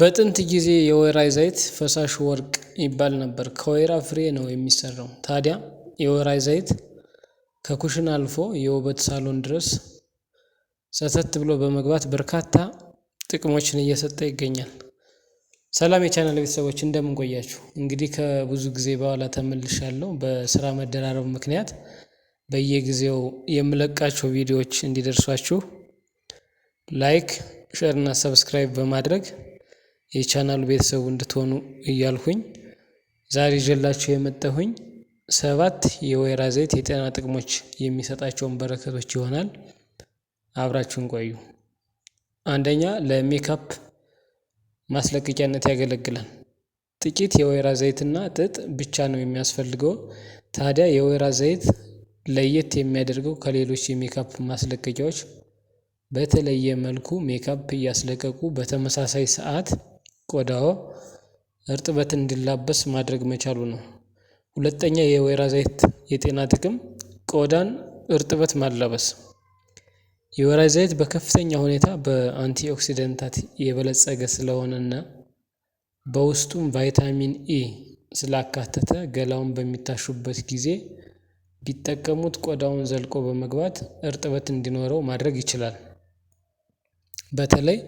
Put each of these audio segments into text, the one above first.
በጥንት ጊዜ የወይራ ዘይት ፈሳሽ ወርቅ ይባል ነበር። ከወይራ ፍሬ ነው የሚሰራው። ታዲያ የወይራ ዘይት ከኩሽን አልፎ የውበት ሳሎን ድረስ ሰተት ብሎ በመግባት በርካታ ጥቅሞችን እየሰጠ ይገኛል። ሰላም የቻናል ቤተሰቦች እንደምን ቆያችሁ? እንግዲህ ከብዙ ጊዜ በኋላ ተመልሻለሁ። በስራ መደራረብ ምክንያት በየጊዜው የምለቃቸው ቪዲዮዎች እንዲደርሷችሁ ላይክ፣ ሸር እና ሰብስክራይብ በማድረግ የቻናሉ ቤተሰቡ እንድትሆኑ እያልኩኝ ዛሬ ይዤላችሁ የመጣሁኝ ሰባት የወይራ ዘይት የጤና ጥቅሞች የሚሰጣቸውን በረከቶች ይሆናል። አብራችሁን ቆዩ። አንደኛ ለሜካፕ ማስለቀቂያነት ያገለግላል። ጥቂት የወይራ ዘይትና ጥጥ ብቻ ነው የሚያስፈልገው። ታዲያ የወይራ ዘይት ለየት የሚያደርገው ከሌሎች የሜካፕ ማስለቀቂያዎች በተለየ መልኩ ሜካፕ እያስለቀቁ በተመሳሳይ ሰዓት ቆዳው እርጥበት እንዲላበስ ማድረግ መቻሉ ነው። ሁለተኛ የወይራ ዘይት የጤና ጥቅም ቆዳን እርጥበት ማላበስ የወይራ ዘይት በከፍተኛ ሁኔታ በአንቲ ኦክሲደንታት የበለፀገ ስለሆነና በውስጡም ቫይታሚን ኢ ስላካተተ ገላውን በሚታሹበት ጊዜ ቢጠቀሙት ቆዳውን ዘልቆ በመግባት እርጥበት እንዲኖረው ማድረግ ይችላል። በተለይ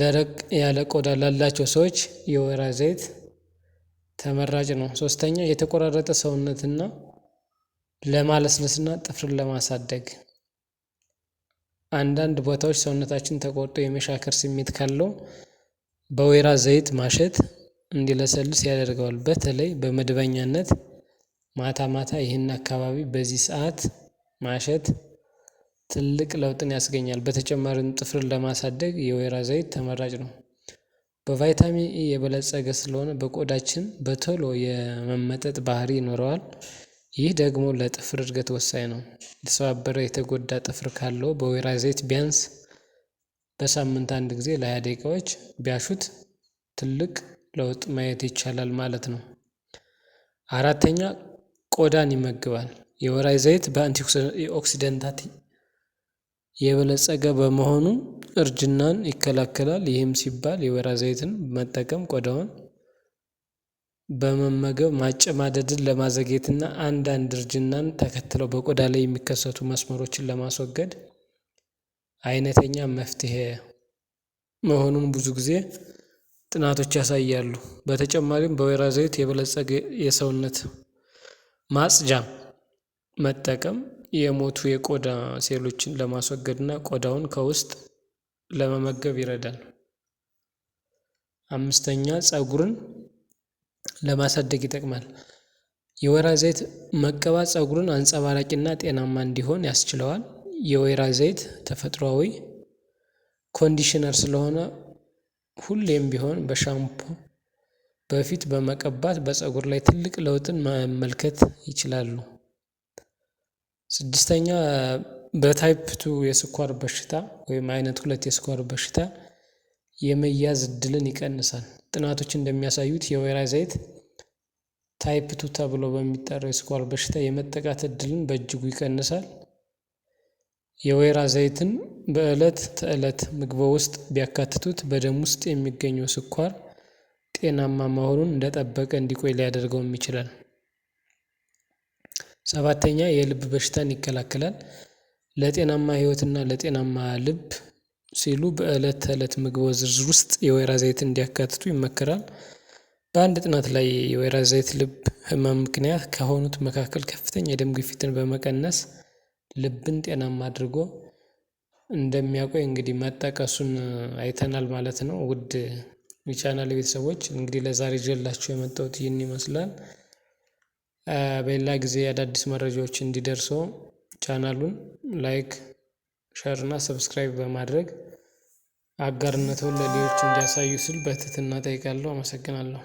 ደረቅ ያለ ቆዳ ላላቸው ሰዎች የወይራ ዘይት ተመራጭ ነው። ሶስተኛ የተቆራረጠ ሰውነትና ለማለስለስና ጥፍርን ለማሳደግ አንዳንድ ቦታዎች ሰውነታችን ተቆርጦ የመሻከር ስሜት ካለው በወይራ ዘይት ማሸት እንዲለሰልስ ያደርገዋል። በተለይ በመደበኛነት ማታ ማታ ይህን አካባቢ በዚህ ሰዓት ማሸት ትልቅ ለውጥን ያስገኛል። በተጨማሪም ጥፍርን ለማሳደግ የወይራ ዘይት ተመራጭ ነው። በቫይታሚን ኢ የበለፀገ ስለሆነ በቆዳችን በቶሎ የመመጠጥ ባህሪ ይኖረዋል። ይህ ደግሞ ለጥፍር እድገት ወሳኝ ነው። የተሰባበረ የተጎዳ ጥፍር ካለው በወይራ ዘይት ቢያንስ በሳምንት አንድ ጊዜ ለሀያ ደቂቃዎች ቢያሹት ትልቅ ለውጥ ማየት ይቻላል ማለት ነው። አራተኛ ቆዳን ይመግባል። የወይራ ዘይት በአንቲ የበለፀገ በመሆኑ እርጅናን ይከላከላል ይህም ሲባል የወይራ ዘይትን መጠቀም ቆዳውን በመመገብ ማጨማደድን ለማዘግየትና አንዳንድ እርጅናን ተከትለው በቆዳ ላይ የሚከሰቱ መስመሮችን ለማስወገድ አይነተኛ መፍትሄ መሆኑን ብዙ ጊዜ ጥናቶች ያሳያሉ። በተጨማሪም በወይራ ዘይት የበለፀገ የሰውነት ማጽጃ መጠቀም የሞቱ የቆዳ ሴሎችን ለማስወገድና ቆዳውን ከውስጥ ለመመገብ ይረዳል። አምስተኛ ፀጉርን ለማሳደግ ይጠቅማል። የወይራ ዘይት መቀባት ጸጉርን አንጸባራቂና ጤናማ እንዲሆን ያስችለዋል። የወይራ ዘይት ተፈጥሯዊ ኮንዲሽነር ስለሆነ ሁሌም ቢሆን በሻምፖ በፊት በመቀባት በፀጉር ላይ ትልቅ ለውጥን መመልከት ይችላሉ ስድስተኛ በታይፕ ቱ የስኳር በሽታ ወይም አይነት ሁለት የስኳር በሽታ የመያዝ እድልን ይቀንሳል። ጥናቶች እንደሚያሳዩት የወይራ ዘይት ታይፕ ቱ ተብሎ በሚጠራው የስኳር በሽታ የመጠቃት እድልን በእጅጉ ይቀንሳል። የወይራ ዘይትን በዕለት ተዕለት ምግቦ ውስጥ ቢያካትቱት በደም ውስጥ የሚገኘው ስኳር ጤናማ መሆኑን እንደጠበቀ እንዲቆይ ሊያደርገውም ይችላል። ሰባተኛ የልብ በሽታን ይከላከላል። ለጤናማ ህይወትና ለጤናማ ልብ ሲሉ በእለት ተእለት ምግብ ዝርዝር ውስጥ የወይራ ዘይት እንዲያካትቱ ይመከራል። በአንድ ጥናት ላይ የወይራ ዘይት ልብ ህመም ምክንያት ከሆኑት መካከል ከፍተኛ የደም ግፊትን በመቀነስ ልብን ጤናማ አድርጎ እንደሚያቆይ እንግዲህ መጠቀሱን አይተናል ማለት ነው። ውድ የቻናሌ ቤተሰቦች እንግዲህ ለዛሬ ይዤላችሁ የመጣሁት ይህን ይመስላል በሌላ ጊዜ አዳዲስ መረጃዎች እንዲደርሶ ቻናሉን ላይክ፣ ሸር እና ሰብስክራይብ በማድረግ አጋርነቱን ለሌሎች እንዲያሳዩ ስል በትህትና ጠይቃለሁ። አመሰግናለሁ።